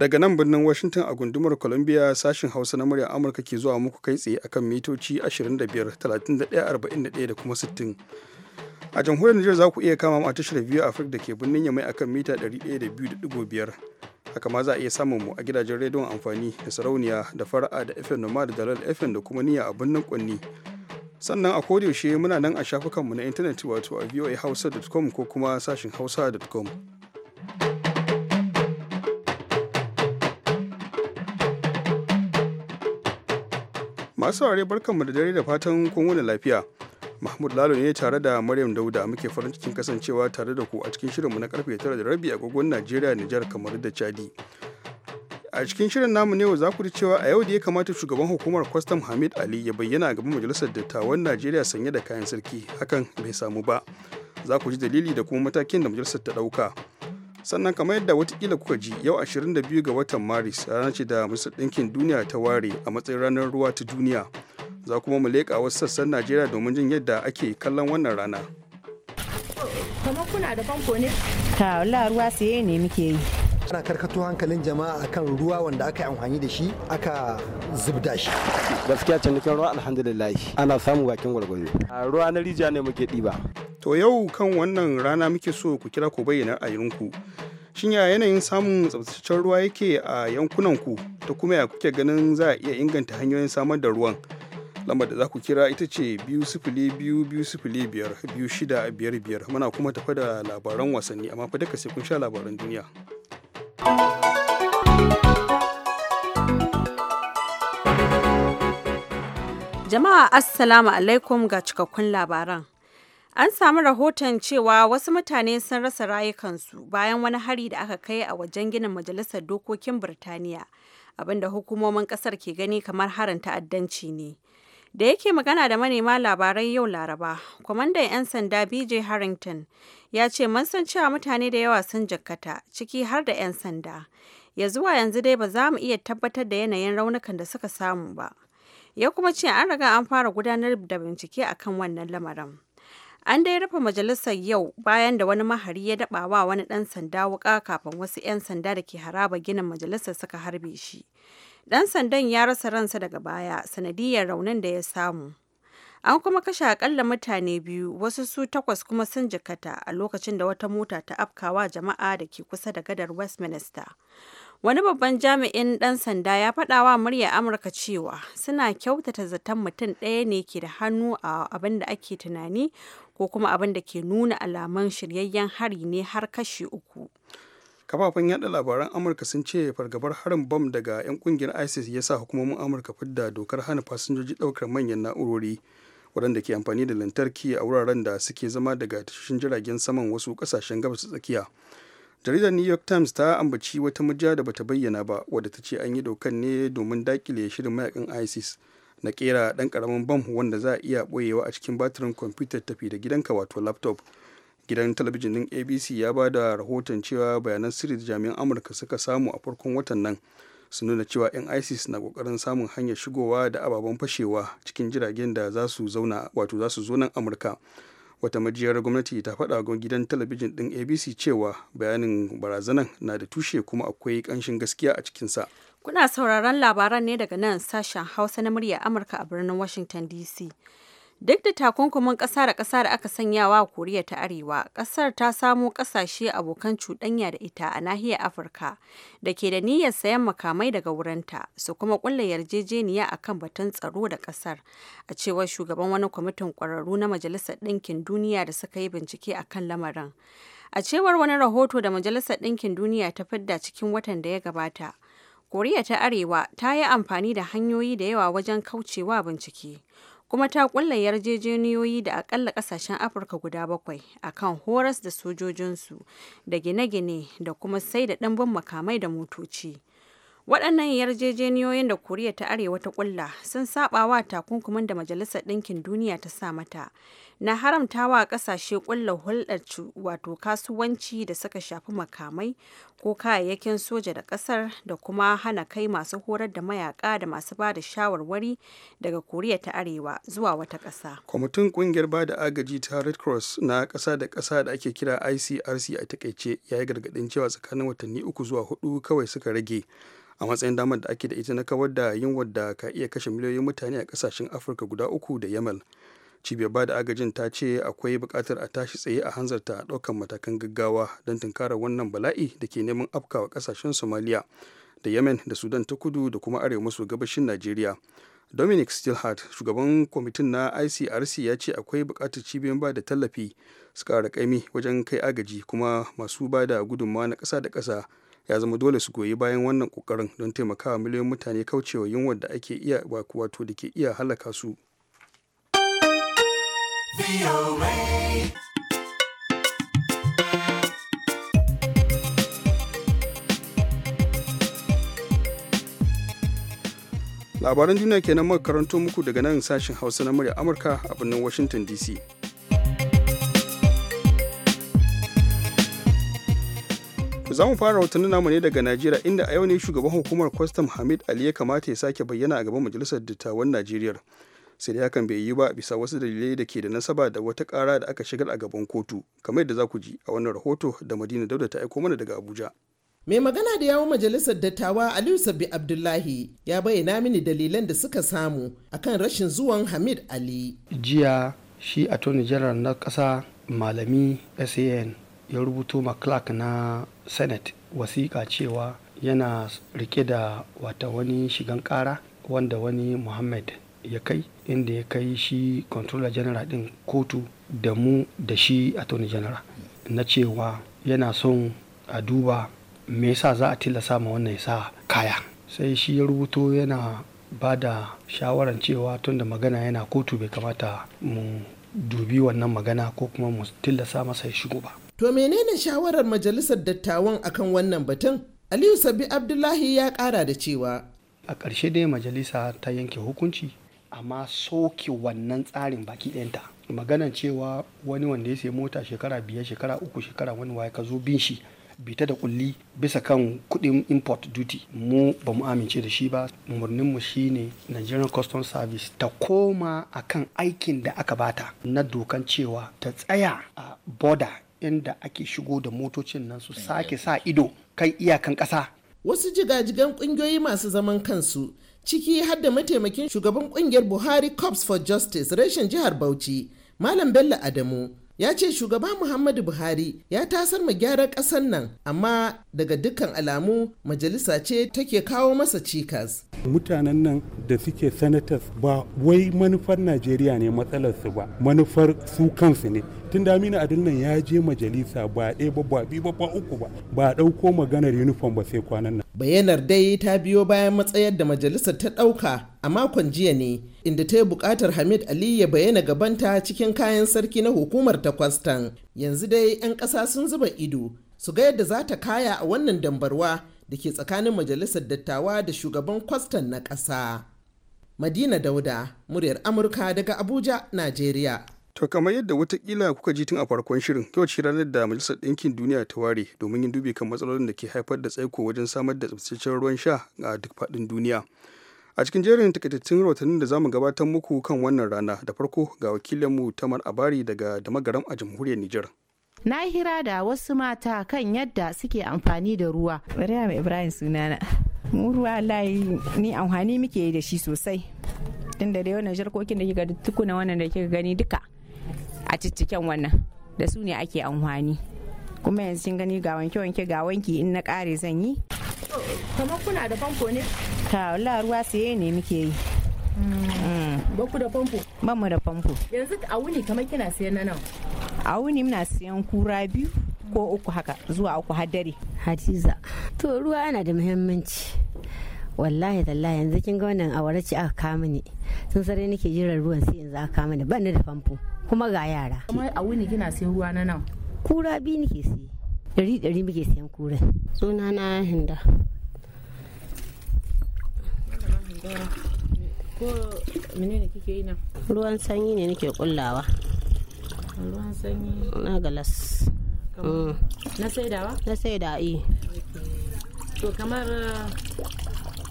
Daga nan birnin Washington a gundumar Columbia sashin Hausa na murya Amurka ke zuwa muku kai tsaye akan mitoci 25, 31, 41 da kuma 60. A jamhuriyar Nijar za ku iya kama a tashar biyu Afirka da ke birnin Yamai akan mita 102.5. Haka ma za a iya samun mu a gidajen rediyon amfani da sarauniya da fara'a da FM Noma da Dalal FM da kuma niyya a birnin Kwanni. Sannan a kodiyoshe muna nan a shafukanmu na intanet wato a voahausa.com ko kuma sashin hausa.com. masu barkan mu da dare da fatan kun wani lafiya mahmud lalo ne tare da maryam dauda muke farin cikin kasancewa tare da ku a cikin shirinmu na karfe tara da rabi agogon najeriya nijar kamar da chadi a cikin shirin namu ne za ku ji cewa a yau da ya kamata shugaban hukumar kwastam hamid ali ya bayyana a gaban majalisar dattawan najeriya sanye da kayan sarki hakan bai samu ba za ku ji dalili da kuma matakin da majalisar ta ɗauka sannan kamar yadda watakila kuka ji yau 22 ga watan maris rana ce da masar ɗinkin duniya ta ware a matsayin ranar ruwa ta duniya za kuma mu leƙa wasu sassan najeriya domin jin yadda ake kallon wannan rana kamar kuna da famfo ne ta ruwa siye ne muke yi ana karkato hankalin jama'a akan ruwa wanda aka yi amfani da shi aka zubda shi gaskiya cinikin ruwa alhamdulillah ana samu bakin gwargwaro ruwa na rijiya ne muke ɗiba to yau kan wannan rana muke so ku kira ku bayyana ra'ayinku shin ya yanayin samun tsabtataccen ruwa yake a yankunan ku ta kuma ya kuke ganin za a iya inganta hanyoyin samar da ruwan lambar da za ku kira ita ce biyu sifili biyu biyu sifili biyar biyu shida biyar biyar muna kuma tafa da labaran wasanni amma fa duka sai kun sha labaran duniya Jama'a Assalamu alaikum ga cikakkun labaran. An samu rahoton cewa wasu mutane sun rasa rayukansu bayan wani hari da aka kai a wajen ginin Majalisar Dokokin Birtaniya, abinda hukumomin kasar ke gani kamar harin ta'addanci ne. da yake magana da manema labarai yau laraba kwamandan 'yan sanda bj harrington ya ce mun san cewa mutane da yawa sun jakkata ciki har da 'yan sanda ya zuwa yanzu dai ba za mu iya tabbatar da yanayin raunukan da suka samu ba ya kuma ce an raga an fara gudanar da bincike akan wannan lamarin an dai rufe majalisar yau bayan da wani mahari ya daba wa wani dan sanda wuka kafin wasu 'yan sanda da ke haraba ginin majalisar suka harbe shi Dan sandan ya rasa ransa daga baya sanadiyar raunin da ya samu. An kuma kashe akalla mutane biyu wasu su takwas kuma sun jikata a lokacin da wata mota ta afkawa jama'a da ke kusa da gadar Westminster. Wani babban jami'in ɗan sanda ya faɗa wa murya Amurka cewa suna kyautata zaton mutum ɗaya ne ke da hannu a abin da ake tunani ko kuma abin da ke nuna alaman shiryayyen hari ne har kashi uku. kafafen yaɗa labaran amurka sun ce fargabar harin bom daga 'yan kungiyar isis ya sa hukumomin amurka fidda dokar hana fasinjoji ɗaukar manyan na'urori waɗanda ke amfani da lantarki a wuraren da suke zama daga tashoshin jiragen saman wasu ƙasashen gabas tsakiya jaridar new york times ta ambaci wata mujiya da bata bayyana ba wadda ta ce an yi dokan ne domin dakile shirin mayakan isis na kera ɗan karamin bam wanda za a iya ɓoyewa a cikin batirin kwamfutar tafi da gidanka wato laptop gidan talabijin din abc ya ba da rahoton cewa bayanan sirri da jami'an amurka suka samu a farkon watan nan su nuna cewa 'yan isis na kokarin samun hanyar shigowa da ababen fashewa cikin jiragen da za su zauna wato za su zo nan amurka wata majiyar gwamnati ta faɗa ga gidan talabijin ɗin abc cewa bayanin barazanan na da tushe kuma akwai ƙanshin gaskiya a cikinsa kuna sauraron labaran ne daga nan sashen hausa na murya amurka a birnin washington dc Duk da takunkumin ƙasa da ƙasa da aka sanya wa Koriya ta Arewa, ƙasar ta samo ƙasashe abokan cuɗanya da ita a nahiyar Afirka da ke da niyyar sayan makamai daga wurinta su kuma ƙulla yarjejeniya akan batun tsaro da ƙasar, a cewar shugaban wani kwamitin ƙwararru na Majalisar Ɗinkin Duniya da suka yi bincike a kan lamarin. A cewar wani rahoto da Majalisar Ɗinkin Duniya ta fidda cikin watan da ya gabata, Koriya ta Arewa ta yi amfani da hanyoyi da yawa wajen kaucewa bincike. kuma ta kulla yarjejeniyoyi da akalla kasashen afirka guda bakwai akan horas da sojojinsu da gine-gine da kuma sai da ɗimbin makamai da motoci waɗannan yarjejeniyoyin da koriya ta arewa ta kulla sun saɓawa takunkumin da majalisar ɗinkin duniya ta sa mata na haramtawa ƙasashe kulla hulɗar wato kasuwanci da suka shafi makamai ko kayayyakin soja da ƙasar da kuma hana kai masu horar da mayaka da masu ba da shawarwari daga koriya ta arewa zuwa wata ƙasa kwamitin ƙungiyar ba da agaji ta red cross na ƙasa da ƙasa da ake kira icrc a takaice ya yi gargaɗin cewa tsakanin watanni uku zuwa hudu kawai suka rage a matsayin damar da ake da ita na kawar da yunwar da ka iya kashe miliyoyin mutane a kasashen afirka guda uku da yamal cibiyar ba da agajin ta ce akwai buƙatar a tashi tsaye a hanzarta a ɗaukar matakan gaggawa don tunkarar wannan bala'i da ke neman afka wa ƙasashen somaliya da yemen da sudan ta kudu da kuma arewa maso gabashin najeriya dominic stilhart shugaban kwamitin na icrc ya ce akwai buƙatar cibiyar ba da tallafi su ƙara ƙaimi wajen kai agaji kuma masu ba da gudunmawa na ƙasa da kasa. ya zama dole su goyi bayan wannan kokarin don taimakawa miliyoyin mutane kaucewa yunwar da ake iya wato da ke iya halaka su. labaran duniya kenan muka karanto muku daga nan sashen hausa na murya amurka a birnin washington dc za mu fara rahotannin namu ne daga najeriya inda a yau ne shugaban hukumar kwastam hamid ali ya kamata ya sake bayyana a gaban majalisar dattawan najeriya sai dai hakan bai yi ba bisa wasu dalilai da ke da nasaba da wata kara da aka shigar a gaban kotu kamar yadda za ku ji a wannan rahoto da madina dauda ta aiko mana daga abuja mai magana da yawon majalisar dattawa aliyu sabi abdullahi ya bayyana mini dalilan da suka samu akan rashin zuwan hamid ali jiya shi attorney general na kasa malami san ya rubuto ma clark na senate wasiƙa cewa yana rike da wata wani shigan ƙara wanda wani muhammad ya kai inda ya kai shi controller general din kotu da mu da shi attorney general na cewa yana son a duba me yasa za a tilasa ma wannan yasa kaya sai shi ya rubuto yana ba da shawaran cewa tun da magana yana kotu bai kamata mu dubi wannan magana ko kuma mu tilasa masa ya shigo ba To menene shawarar majalisar dattawan akan wannan batun? Aliyu Sabi Abdullahi ya kara da cewa. A ƙarshe dai majalisa ta yanke hukunci amma soke wannan tsarin baki ɗayanta. Maganan cewa wani wanda ya sai mota shekara biyar shekara uku shekara wani waye ka zo bin shi bita da kulli bisa kan kudin import duty mu ba mu amince da shi ba mu shine nigerian customs service ta koma akan aikin da aka bata na dokan cewa ta tsaya a border inda ake shigo da motocin nan su sake sa ido kai iyakan ƙasa. Wasu jigajigan ƙungiyoyi masu zaman kansu ciki har da mataimakin shugaban ƙungiyar Buhari Cops for Justice reshen jihar Bauchi, Malam Bello Adamu, ya ce shugaba Muhammadu Buhari ya tasar mu gyaran ƙasar nan amma daga dukkan alamu majalisa ce take kawo masa cikas. mutanen nan da suke senators ba wai manufar najeriya ne matsalarsu ba manufar su kansu ne tun damina adil nan ya je majalisa ba ɗaya ba ba biyu uku ba ba ɗauko maganar uniform ba sai kwanan nan bayanar dai ta biyo bayan matsayar da majalisar ta ɗauka a makon jiya ne inda ta yi buƙatar hamid ali ya bayyana gabanta cikin kayan sarki na hukumar ta kwastan yanzu dai 'yan ƙasa sun zuba ido su ga yadda za ta kaya a wannan dambarwa da ke tsakanin majalisar dattawa da shugaban kwastan na ƙasa. Madina Dauda, muryar Amurka daga Abuja, Najeriya. To kamar yadda watakila kuka ji tun a farkon shirin, yau ce ranar da Majalisar Ɗinkin Duniya ta ware domin yin dubi kan matsalolin da ke haifar da tsaiko wajen samar da tsabtataccen ruwan sha a duk faɗin duniya. A cikin jerin takaitattun rahotannin da zamu gabatar muku kan wannan rana da farko ga wakilinmu Tamar Abari daga Damagaram a Jamhuriyar Nijar. na hira da wasu mata kan yadda suke amfani da ruwa maryam ibrahim sunana mu ruwa layi ni amfani muke da shi sosai tun da dai wannan jarkokin da kika tukuna wannan da kika gani duka a cikin wannan da su ne ake amfani kuma yanzu kin gani ga wanke wanke ga wanki in na kare zan yi kamar kuna da famfo ne ta wallahi ruwa saye ne muke yi Mm. ba ku da famfo ba mu da famfo yanzu a wuni kamar kina siyan na nan a wuni muna siyan kura biyu ko uku haka zuwa uku har dare hadiza to ruwa yana da muhimmanci wallahi tallahi yanzu kin ga wannan awara ce aka kama ni sun sare nake jiran ruwan sai yanzu aka kama ni ban da famfo kuma ga yara kuma a wuni kina siyan ruwa na nan kura biyu nake siya. dari dari muke siyan kura suna na hinda ko menene kike yi nan ruwan sanyi ne nake kullawa ruwan sanyi na galas mm. na saidawa na saida eh. yi to kamar eh,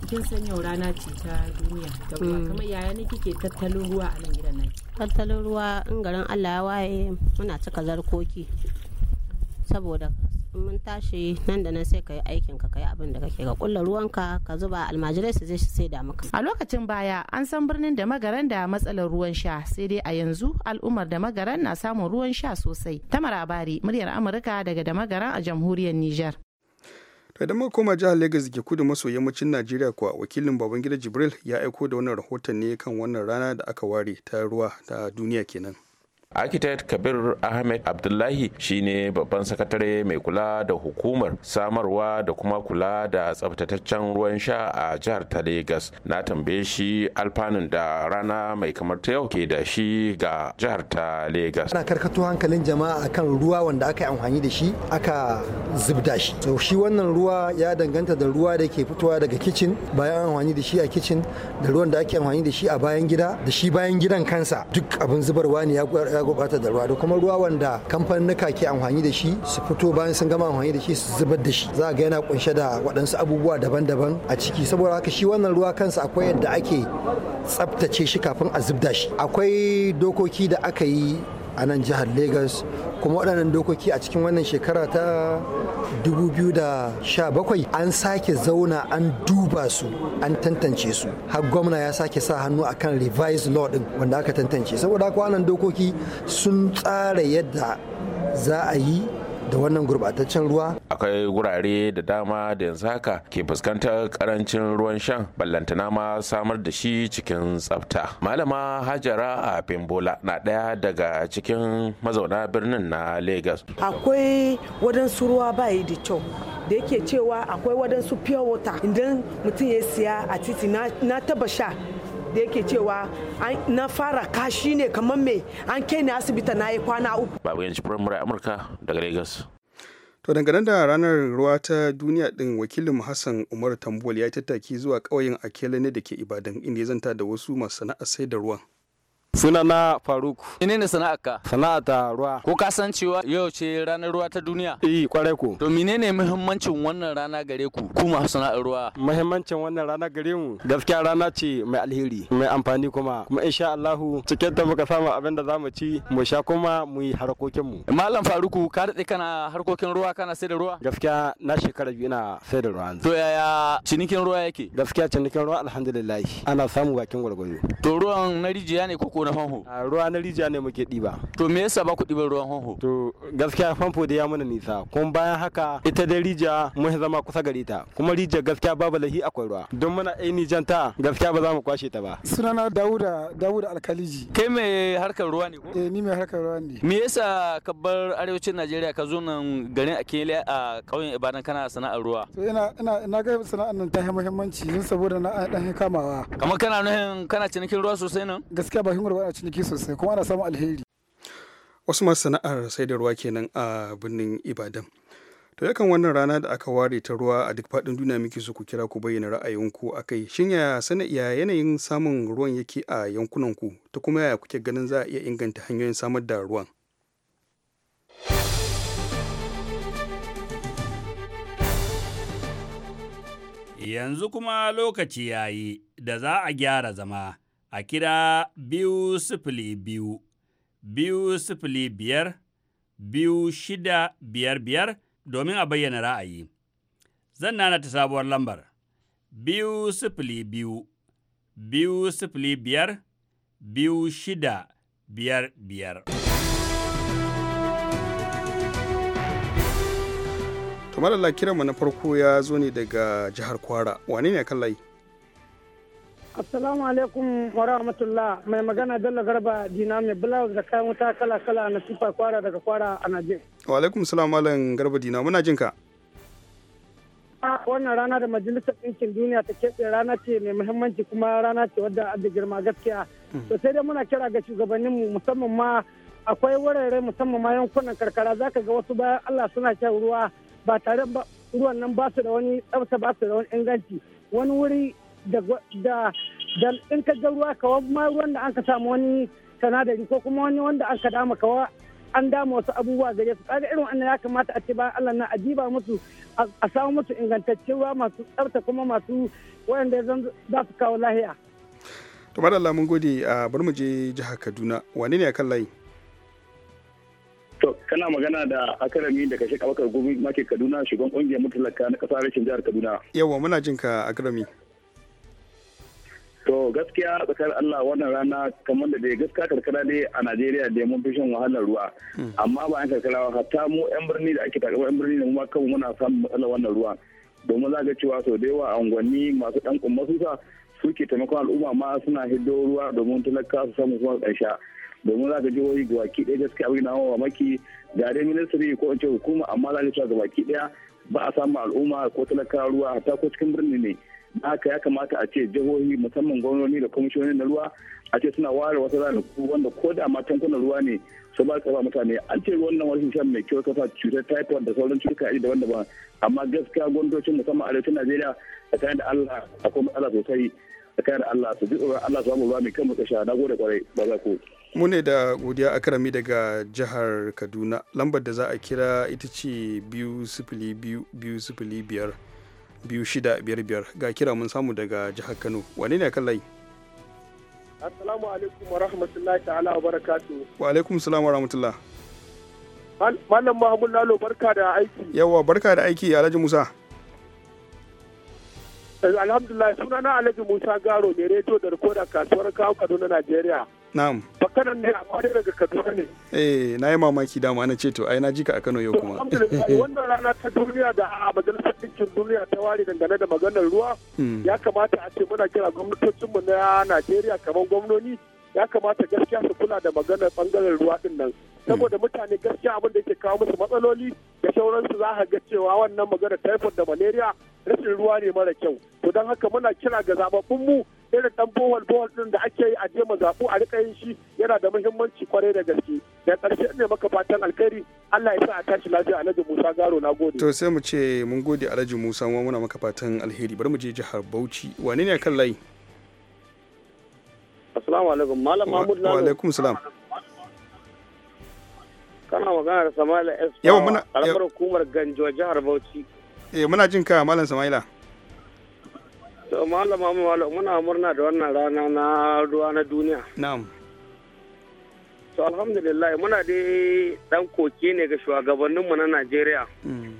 kin san yau rana ce ta duniya ta ruwa mm. kamar yaya ne kike tattalin ruwa a nan gidan nan tattalin ruwa in garin Allah ya waye muna cika zarkoki saboda mun tashi nan da nan sai ka yi aikin ka kai abin da kake ga kulla ruwanka ka zuba almajirai su zai sai da maka a lokacin baya an san birnin da magaran da matsalar ruwan sha sai dai a yanzu al'ummar da magaran na samun ruwan sha sosai ta marabari muryar amurka daga da magaran a jamhuriyar niger to idan muka koma jihar legas ke kudu maso yammacin najeriya kuwa wakilin babangida jibril ya aiko da wannan rahoton ne kan wannan rana da aka ware ta ruwa ta duniya kenan architect kabir ahmed abdullahi shine babban sakatare mai kula da hukumar samarwa da kuma kula da tsabtataccen ruwan sha a jihar ta Legas. na tambaye shi alfanun da rana mai kamar ta yau ke da shi ga jihar ta Legas. ana karkato hankalin jama'a akan ruwa wanda aka yi amfani da shi aka zubda shi so shi wannan ruwa ya danganta da ruwa da ke fitowa daga kicin bayan amfani da shi a kicin da ruwan da ake amfani da shi a bayan gida da shi bayan gidan kansa duk abin zubarwa ne ya a gurɓata da ruwa da kuma ruwa wanda kamfanin kamfanuka ke amfani da shi su fito bayan sun gama amfani da shi su zubar da shi za a ga yana kunshe da waɗansu abubuwa daban-daban a ciki saboda haka shi wannan ruwa kansa akwai yadda ake tsaftace shi kafin a zubda shi akwai dokoki da aka yi a nan jihar Lagos kuma waɗannan dokoki a cikin wannan shekara ta 2017 an sake zauna an duba su an tantance su har gwamna ya sake sa hannu akan revised law din wanda aka tantance saboda haka wannan dokoki sun tsara yadda za a yi da wannan gurbataccen ruwa akwai wurare da dama da yanzu haka ke fuskantar karancin ruwan shan ballantana ma samar da shi cikin tsafta malama hajara a pembola na ɗaya daga cikin mazauna birnin na lagos akwai wadansu ruwa bayi da kyau da yake cewa akwai wadansu pure water idan mutum ya siya a titi na taba sha da yake cewa na fara kashi ne kamar mai an kai ni asibiti na yi kwana uku babu yanci firamare amurka daga lagos to dangane da ranar ruwa ta duniya din wakilin hassan umar tambol ya tattaki zuwa ƙauyen akele ne da ke ibadan inda ya zanta da wasu masana'a sai da ruwan na Faruk. Ine ne sana'arka? Sana'ata ruwa. Ko ka san cewa yau ce ranar ruwa ta duniya? Eh, kwarai ko. To menene muhimmancin wannan rana gare ku? Ku masu sana'ar ruwa. Muhimmancin wannan rana gare mu gaskiya rana ce mai alheri, mai amfani kuma. Kuma insha Allahu cikin ta muka samu abin da zamu ci, mu sha kuma mu yi harkokin mu. Malam Faruk, ka daɗe kana harkokin ruwa kana sai da ruwa? Gaskiya na shekara biyu ina sai da ruwa. To yaya cinikin ruwa yake? Gaskiya cinikin ruwa alhamdulillah ana samu bakin gwargwaro. To ruwan na rijiya ne ko ko na famfo ruwa na rijiya ne muke ɗiba to me yasa ba ku ɗiban ruwan famfo to gaskiya famfo da ya mana nisa kuma bayan haka ita da rijiya mun zama kusa gare ta kuma rijiya gaskiya babu lahi akwai ruwa don muna aini janta gaskiya ba za mu kwashe ta ba sunana dawuda dawuda alkaliji kai mai harkar ruwa ne ko eh ni mai harkar ruwa ne me yasa ka bar arewacin najeriya ka zo nan garin akele a kauyen ibadan kana sana'ar ruwa to ina ina na ga sana'ar nan ta muhimmanci don saboda na dan kamawa kamar kana nuhin kana cinikin ruwa sosai nan gaskiya ba samun a ciniki sosai kuma ana samun alheri wasu masu sana'ar sai da kenan a birnin ibadan to yakan wannan rana da aka ware ta ruwa a duk faɗin duniya muke so ku kira ku bayyana ra'ayinku a kai shin ya sana'iya yanayin samun ruwan yake a yankunanku ta kuma yaya kuke ganin za a iya inganta hanyoyin samar da ruwan yanzu kuma lokaci yayi da za a gyara zama a kira biyu sifili biyu, biyu sifili biyar, biyu shida biyar biyar domin a bayyana ra'ayi. Zan nana ta sabuwar lambar, biyu sifili biyu, biyu sifili biyar, biyu shida biyar biyar. Tumar Allah kiranmu na farko ya zo ne daga jihar Kwara, wane ne kan layi? Assalamu alaikum wa rahmatullah mai magana Bello Garba Dina mai blouse da kayan wuta kala-kala na tufa kwara daga kwara a Wa alaikum salam alaikum Garba Dina muna jin ka. Wannan rana da Majalisar Ɗinkin Duniya ta keɓe rana ce mai muhimmanci kuma rana ce wadda da girma gaskiya. Mm. To sai dai muna kira ga shugabannin mu musamman ma akwai wurare musamman ma yankunan karkara zaka ga wasu bayan Allah suna shan ruwa ba tare ruwan nan ba su da wani tsafta ba su da wani inganci wani wuri da in ka ga ruwa kawa ma ruwan da an ka samu wani sanadari ko kuma wani wanda an ka dama kawa an dama wasu abubuwa gare su kaga irin wannan ya kamata a ce bayan Allah na ajiba musu a samu musu ingantaccen ruwa masu tsafta kuma masu zan za su kawo lahiya to madalla mun gode a bar mu je jihar Kaduna wani ne a kan layi to kana magana da akarami da kashe kabakar gumi make Kaduna shugaban kungiyar mutalaka na kasar rashin jihar Kaduna yawa muna jin ka akarami gaskiya tsakar Allah wannan rana kamar da dai gaskiya karkara dai a Najeriya da mun fi shan wahalar ruwa. Hmm. Amma ba an karkara hatta mu 'yan birni da ake takamar 'yan birni da kuma kanmu muna samun matsalar wannan ruwa. Domin za ga cewa sau da yawa unguwanni masu kuma kumma sa suke taimakon al'umma ma suna hiddo ruwa domin talaka su samu kuma ɗan sha. domin za ka jihohi ga baki gaskiya abin na hawa maki ga dai ministry ko in ce hukuma amma za ka cewa ga baki ɗaya ba a samu al'umma ko talaka ruwa hatta ko cikin birni ne haka ya kamata a ce jihohi musamman gwamnoni da kwamishonin na ruwa a ce suna ware wasu ranaku wanda ko da ma tankunan ruwa ne su ba ka ba mutane an ce ruwan nan shan mai kyau kafa cutar typhoid da sauran cutuka iri daban daban amma gaskiya gwamnatocin musamman arewacin najeriya kayan da allah akwai matsala sosai a da allah su ji tsoron allah su ba ruwa mai kyau mu kasha na gode kwarai ba za ku. mu ne da godiya akarami daga jihar kaduna lambar da za a kira ita ce biyu sifili biyu biyu sifili biyar 2655 ga kira mun samu daga jihar Kano wani ne kan layi Assalamu alaikum wa rahmatullahi ta'ala wa barakatu. Wa alaikum salam wa rahmatullah. Mallam Muhammad Lalo barka da aiki. Yawwa barka da aiki Alhaji Musa. Eh, alhamdulillah sunana Alhaji Musa Garo ne reto da rikoda kasuwar kawo Kaduna Najeriya. na'am bakaran ne amma dai daga kaduna ne eh na yi mamaki dama na ce to ai na ji ka a kano yau kuma wannan rana ta duniya da a majalisar ɗinkin duniya ta ware dangane da maganar ruwa hmm. ya kamata a ce muna kira gwamnatocinmu na najeriya kamar gwamnoni ya kamata gaskiya su kula da maganar bangaren ruwa din nan hmm. saboda mutane gaskiya abin da yake kawo musu matsaloli da sauransu za ka ga cewa wannan maganar typhoid da malaria rashin ruwa ne mara kyau to don haka muna kira ga zababbun mu irin dan bowal bowal din da ake yi a je zaɓu a rika yin shi yana da muhimmanci kwarai da gaske da ƙarshe ne maka fatan alkhairi Allah ya sa a tashi lafiya Alhaji Musa Garo na gode to sai mu ce mun gode Alhaji Musa mu muna maka fatan alheri bari mu je jihar Bauchi wane ne kan layi Assalamu alaikum Malam Mahmud Lalo wa alaikum salam kana magana da Sama'ila S. Yawa muna karamar hukumar Ganjo jihar Bauchi eh muna jin ka Malam Sama'ila To malama muna murna da wannan rana na ruwa na duniya. Na'am. To alhamdulillah muna dai dan koke ne ga mu na Najeriya. Mm.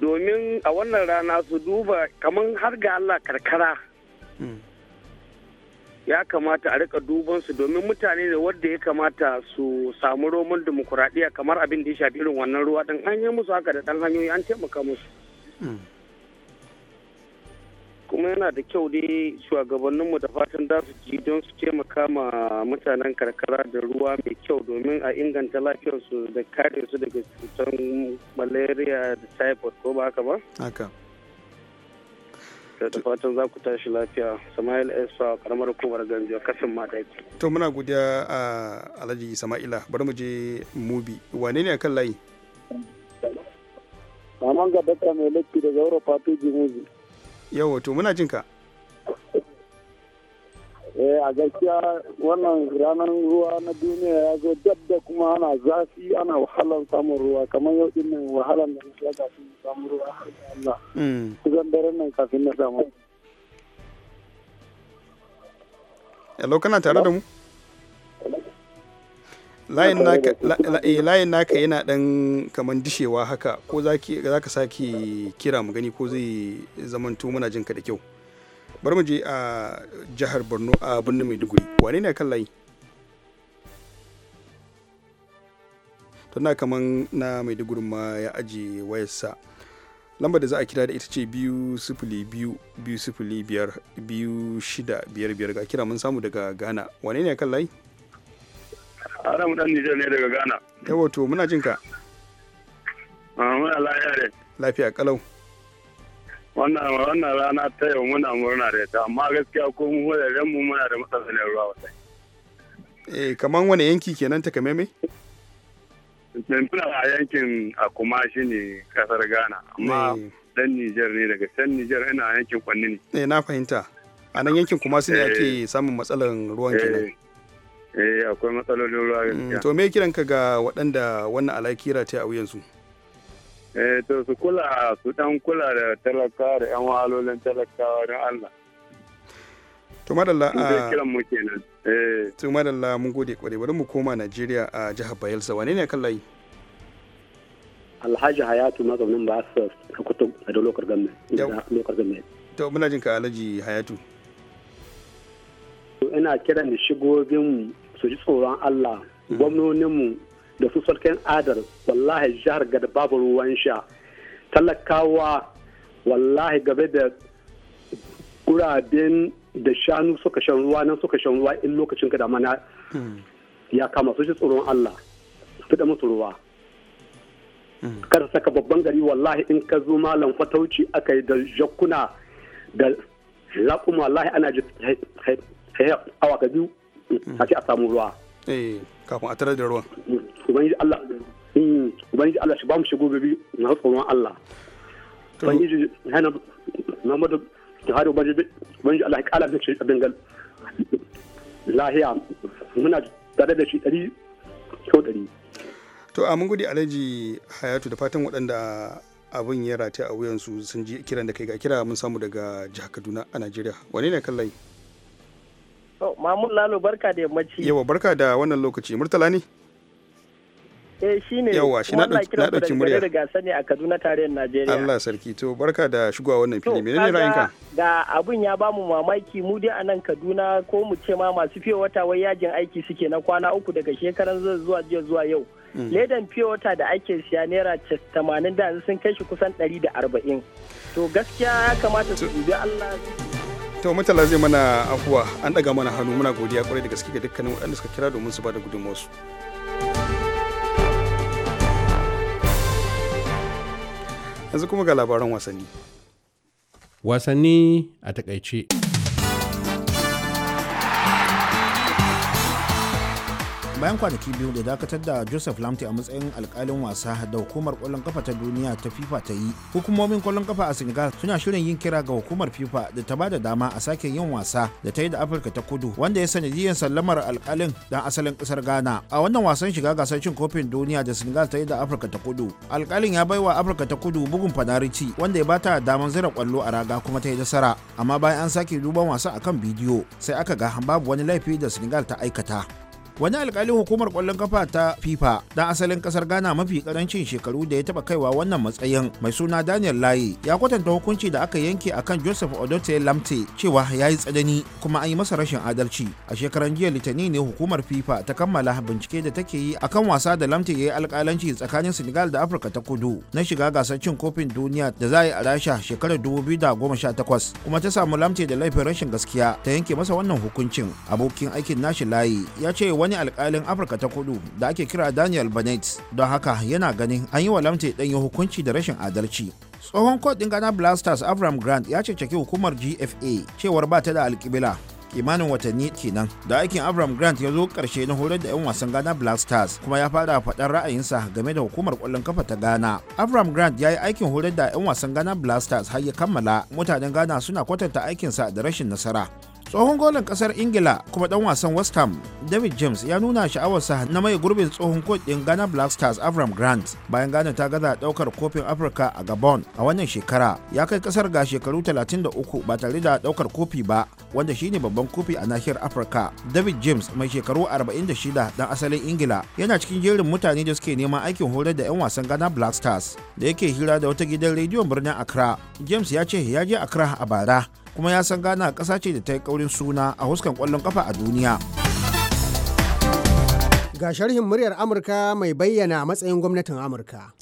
Domin a wannan rana su duba kaman har ga Allah karkara. Mm. ya kamata a rika duban su domin mutane ne wadda ya kamata su samu roman demokuraɗiyya kamar abin da ya shafi irin wannan ruwa ɗin an yi musu haka da ɗan hanyoyi an taimaka musu. Mm. kuma yana da kyau dai shugabanninmu da fatan da su ji don su taimaka ma mutanen karkara da ruwa mai kyau domin a inganta lafiyarsu da kare su daga cutar malaria da typhoid ko ba haka ba? haka da fatan za ku tashi lafiya sama'il esfa karamar hukumar ganjo kasin madaiki to muna godiya a alhaji sama'ila bari mu je mubi wane ne akan layi maman gaba ta mai lakki daga europa to mubi yau wato muna jin ka eh a gaskiya wannan ranar ruwa na duniya ya zo dab da kuma ana zafi ana wahalar samun ruwa kamar yau din nan wahalar da ga kafin samu ruwa Allah mm. kusan daren nan kafin na samu Hello kana tare da mu? layin naka eh, layin naka yana dan kaman dishewa haka ko zaki zaka saki kira mu gani ko zai zamanto muna jinka da kyau bari mu je a jihar Borno a birnin Maiduguri wane ne kan layi tana kaman na Maiduguri ma ya aje wayarsa lambar da za a kira da ita ce biyu sifili biyu biyu sifili biyar biyu shida biyar biyar ga kira mun samu daga ghana wane ne kan layi adamu dan Nijar ne daga Ghana. Yawa to muna jin ka. Ah, muna lafiya ne. Lafiya kalau. Wannan wannan rana ta yau muna murna da ita amma gaskiya ko mu ran mu muna da matsalolin ruwa wata. Eh kaman wani yanki kenan ta kameme? Muna a yankin shi ne kasar Ghana amma eh. dan Nijar ne daga can Nijar ina yankin Kwanni ne. Eh na fahimta. A nan yankin kuma su ne ake eh. samun matsalan ruwan kenan. Eh. eh akwai matsalolin ruwa mm, gaskiya to me kiran ka ga waɗanda wannan alakira ta a su eh to su kula su dan kula da talaka da yan wahalolin talakawa don Allah to madalla a ah, kiran mu kenan eh to madalla mun gode kware bari mu koma Najeriya a jihar Bayelsa wane ne kan layi Alhaji Hayatu mazaunin ba su a kutu a da lokar gamme. To muna jin ka Alhaji Hayatu. ina kiran shigobin su ji tsoron Allah gwamnoninmu da su sarkin adar wallahi jihar gada babu ruwan sha talakawa wallahi gabe da guraben da shanu suka shan ruwa nan suka shan ruwa in lokacin da mana ya kama su ji tsoron Allah su da musu ruwa kar saka babban gari wallahi in ka zo malam fatauci aka yi da jakuna da laƙuma wallahi ana ji awa biyu a ce a samu ruwa eh kafin a tarar da ruwan ubangiji Allah hmm, ubangiji Allah shi ba mu shigo gobe na tsoron Allah ubangiji hana Muhammadu Buhari ubangiji Allah ya kala da shi abin gal lahiya muna tare da shi ɗari sau ɗari to a mun gudi alaji hayatu da fatan waɗanda abin ya rataya a wuyansu sun ji kiran da kai ga kira mun samu daga jihar kaduna a najeriya wane ne kallai Oh, Mamun Lalo barka da yammaci. Yawa barka da wannan lokaci. Murtala ne? Eh shi ne. Yawa shi na ɗauki murya. Wannan gasa ne a Kaduna tarihin Najeriya. Allah sarki to barka da shigowa wannan fili. Mene ne ra'ayinka? Ga abun ya bamu mamaki mu dai a nan Kaduna ko mu ce ma masu fiye wata wai yajin aiki suke na kwana uku daga shekaran zuwa jiya zuwa yau. Mm. Ledan fiye wata da ake siya naira tamanin da sun kai shi kusan ɗari da arba'in. To gaskiya ya kamata su dubi Allah. to mutala zai mana afuwa an daga mana hannu muna godiya kwarai da gaske ga dukkanin waɗanda suka kira domin su ba da gudunmawarsu yanzu kuma ga labaran wasanni wasanni a takaice bayan kwanaki biyu da dakatar da joseph lamte a matsayin alkalin wasa da hukumar kwallon kafa ta duniya ta fifa ta yi hukumomin kwallon kafa a senegal suna shirin yin kira ga hukumar fifa da ta bada dama a sake yin wasa da ta yi da afirka ta kudu wanda ya sanadiyyar sallamar alkalin dan asalin kasar ghana a wannan wasan shiga gasar cin kofin duniya da senegal ta yi da afirka ta kudu alkalin ya baiwa afirka ta kudu bugun fanarici wanda ya bata damar zira kwallo a raga kuma ta yi nasara amma bayan an sake duban wasan akan bidiyo sai aka ga babu wani laifi da senegal ta aikata wani alkalin hukumar kwallon kafa ta fifa dan asalin kasar ghana mafi karancin shekaru da ya taba kaiwa wannan matsayin mai suna daniel layi ya kwatanta hukunci da aka yanke akan joseph odote lamte cewa ya yi tsanani kuma an yi masa rashin adalci a shekaran jiya litani ne hukumar fifa ta kammala bincike da take yi akan wasa da lamte ya yi alkalanci tsakanin senegal da afirka ta kudu na shiga gasar cin kofin duniya da za a yi a rasha shekarar 2018 kuma ta samu lamte da laifin rashin gaskiya ta yanke masa wannan hukuncin abokin aikin nashi layi ya ce wani wani alkalin afirka ta kudu da ake kira daniel bennett don haka yana ganin an yi wa lamte yi hukunci da rashin adalci tsohon kodin ghana blasters avram grant ya ceceki hukumar gfa cewar ba ta da alkibila kimanin watanni kenan da aikin avram grant ya zo karshe na horar da 'yan wasan ghana blasters kuma ya fara faɗar ra'ayinsa game da hukumar kwallon kafa ta ghana avram grant ya yi aikin horar da 'yan wasan ghana blasters har ya kammala mutanen ghana suna kwatanta aikinsa da rashin nasara tsohon golan kasar ingila kuma dan wasan west ham david james ya nuna sha'awarsa na mai gurbin tsohon kot din ghana black stars avram grant bayan ghana ta gaza daukar kofin afirka a gabon a wannan shekara ya kai kasar ga shekaru 33 ba tare da daukar kofi ba wanda shine babban kofi a nahiyar afirka david james mai shekaru 46 dan asalin ingila yana cikin jerin mutane da suke neman aikin horar da 'yan wasan ghana black stars da yake hira da wata gidan rediyon birnin accra james ya ce ya je accra a bara kuma ya san ghana ƙasa ce da ta yi kaurin suna a huskan ƙwallon ƙafa a duniya ga sharhin muryar amurka mai bayyana a matsayin gwamnatin amurka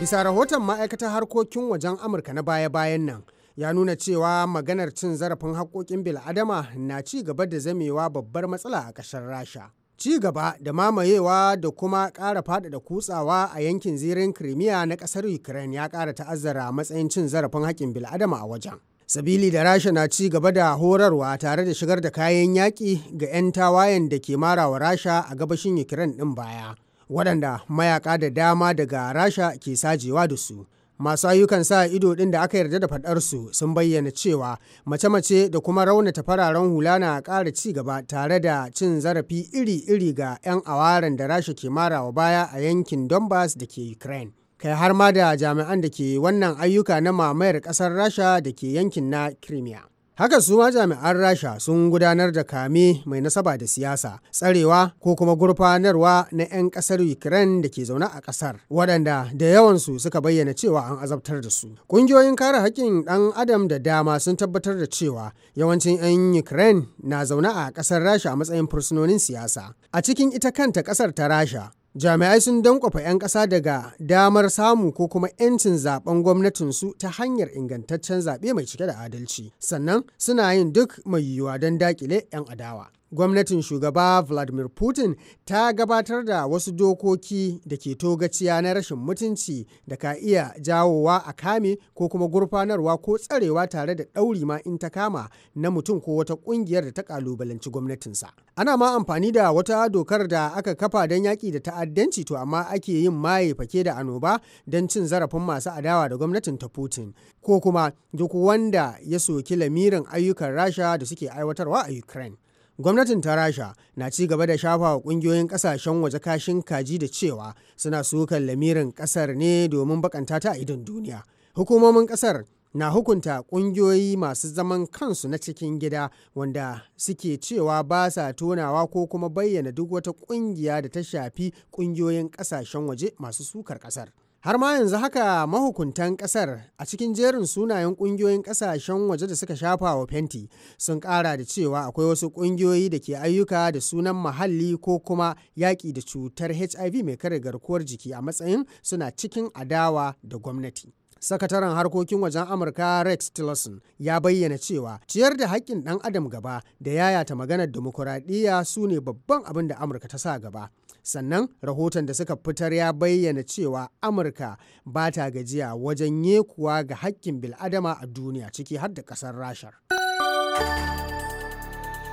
bisa rahoton ma'aikatar harkokin wajen amurka na baya-bayan nan ya nuna cewa maganar cin zarafin haƙoƙin bil'adama na ci gaba da zamewa babbar matsala a ƙasar rasha ci gaba da mamayewa da kuma ƙara faɗaɗa kutsawa a yankin zirin Crimea na ƙasar Ukraine ya ƙara ta'azzara matsayin cin zarafin haƙƙin bil'adama a wajen. Sabili da Rasha na ci gaba da horarwa tare da shigar da kayan yaƙi ga 'yan tawayen da ke marawa Rasha a gabashin Ukraine ɗin baya, waɗanda mayaƙa da dama daga Rasha ke sajewa da su. masu ayyukan sa ido ɗin da aka yarda da faɗarsu sun bayyana cewa mace-mace da kuma raunata fararen hula na ƙara ci gaba tare da cin zarafi iri-iri ga 'yan awaren da rasha ke marawa baya a yankin donbass da ke ukraine kai har ma da jami'an da ke wannan ayyuka na mamayar ƙasar rasha da ke yankin na crimea Haka su jami'an Rasha sun gudanar da kame mai nasaba da siyasa, tsarewa ko kuma gurfanarwa na 'yan ƙasar Ukraine da ke zaune a ƙasar, waɗanda da yawansu suka bayyana cewa an azabtar da su. Ƙungiyoyin kare haƙƙin ɗan Adam da dama sun tabbatar da cewa yawancin 'yan Ukraine na zaune a ƙasar Rasha a matsayin fursunonin siyasa. A cikin ita kanta ƙasar ta Rasha, jami'ai sun dankwafa 'yan ƙasa daga damar samu ko kuma 'yancin zaben gwamnatinsu ta hanyar ingantaccen zaɓe mai cike da adalci sannan suna yin duk mai yiwuwa don dakile 'yan adawa gwamnatin shugaba vladimir putin ta gabatar da wasu dokoki da ke togaciya na rashin mutunci da ka iya jawowa a kame ko kuma gurfanarwa ko tsarewa tare da ɗauri ma in ta kama na mutum ko wata ƙungiyar da ta ƙalubalanci gwamnatinsa ana ma amfani da wata dokar da aka kafa don yaki da ta'addanci to amma ake yin maye fake da annoba don cin zarafin masu adawa da gwamnatin ta putin ko kuma duk wanda ya soki lamirin ayyukan rasha da suke aiwatarwa a ukraine gwamnatin ta rasha na ci gaba da shafa wa kungiyoyin kasashen waje kashin kaji da cewa suna sukan lamirin kasar ne domin bakanta ta a idon duniya hukumomin kasar na hukunta kungiyoyi masu zaman kansu na cikin gida wanda suke cewa ba sa tonawa ko kuma bayyana duk wata kungiya da ta shafi kungiyoyin kasashen waje masu sukar kasar har ma yanzu haka mahukuntan kasar a cikin jerin sunayen kungiyoyin kasashen waje da suka shafa wa fenti sun kara da cewa akwai wasu kungiyoyi da ke ayyuka da sunan mahalli ko kuma yaƙi da cutar hiv mai kare garkuwar jiki a matsayin suna cikin adawa da gwamnati sakataren harkokin wajen amurka rex tillerson ya bayyana cewa ciyar da haƙƙin ɗan adam gaba da yayata maganar dimokuraɗiyya su ne babban abin da amurka ta sa gaba sannan rahoton da suka fitar ya bayyana cewa amurka ba ta gajiya wajen yekuwa ga hakkin bil'adama a duniya ciki har da ƙasar rashar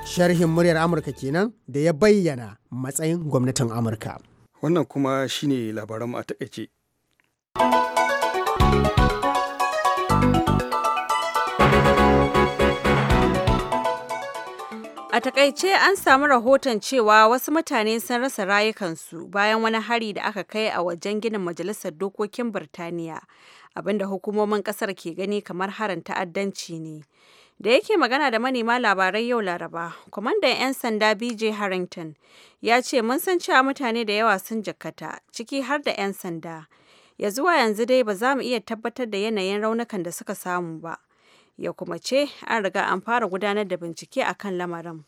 sharhin muryar amurka kenan da ya bayyana matsayin gwamnatin amurka wannan kuma shine labaran a takaice. A takaice an samu rahoton cewa wasu mutane sun rasa rayukansu bayan wani hari da aka kai a wajen ginin Majalisar Dokokin Birtaniya, abinda hukumomin kasar ke gani kamar harin ta'addanci ne. Da yake magana da manema labarai yau Laraba, kwamandan 'yan sanda BJ Harrington ya ce mun san cewa mutane da yawa sun jikkata, ciki har da 'yan sanda. Ya zuwa yanzu dai ba za mu iya tabbatar da yanayin raunukan da suka samu ba. ya kuma ce an riga an fara gudanar da bincike a kan lamarin.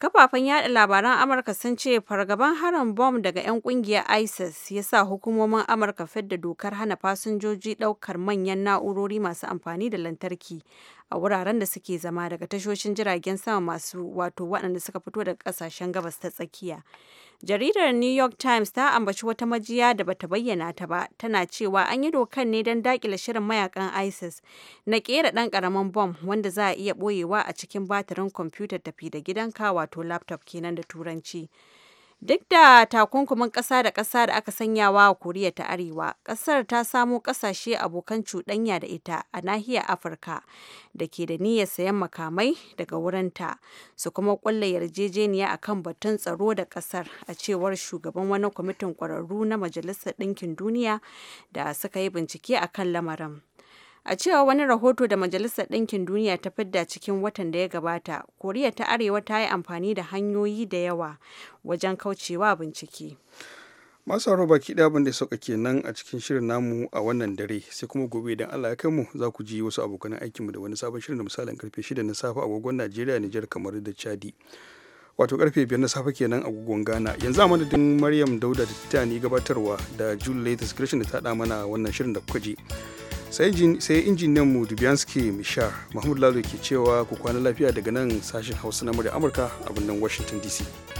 Kafafen yada labaran Amurka sun ce fargaban harin bom daga 'yan kungiyar ISIS ya sa hukumomin Amurka fidda dokar hana fasinjoji daukar manyan na'urori masu amfani da lantarki a wuraren da suke zama daga tashoshin jiragen sama masu wato waɗanda suka fito daga ƙasashen gabas ta tsakiya. Jaridar New York Times ta ambaci wata majiya da bata bayyana ta ba, tana cewa an yi dokan ne don dakile shirin mayakan ISIS na kera ɗan karamin bom wanda za a iya ɓoyewa a cikin batirin kwamfutar tafi da gidanka wato laptop kenan da turanci. Duk da takunkumin ƙasa da ƙasa da aka sanya wa Koriya ta Arewa, ƙasar ta samo ƙasashe abokan cuɗanya da ita a nahiyar Afirka da ke da niyyar sayan makamai daga wurinta su kuma ƙulla yarjejeniya a kan batun tsaro da ƙasar a cewar shugaban wani kwamitin ƙwararru na Majalisar Ɗinkin Duniya da suka yi bincike a kan lamarin. A cewa wani rahoto da Majalisar Ɗinkin Duniya ta fidda cikin watan da ya gabata, Koriya ta Arewa ta yi amfani da hanyoyi da yawa wajen kaucewa bincike. Masu haro baki ɗaya abin da sauka kenan a cikin shirin namu a wannan dare sai kuma gobe idan Allah ya kai mu za ku ji wasu abokan aikinmu da wani sabon shirin da misalin karfe shida na safe agogon Najeriya Nijar kamar da Chadi. Wato karfe biyar na safe kenan agogon Ghana. Yanzu a madadin Maryam Dauda da ta ni gabatarwa da Jule Latest Christian da ta mana wannan shirin da kuka je. sai injiniyan mu dubianski mishar mahmud lalo ke cewa ku kwana lafiya daga nan sashen hausa na murya amurka a birnin washington dc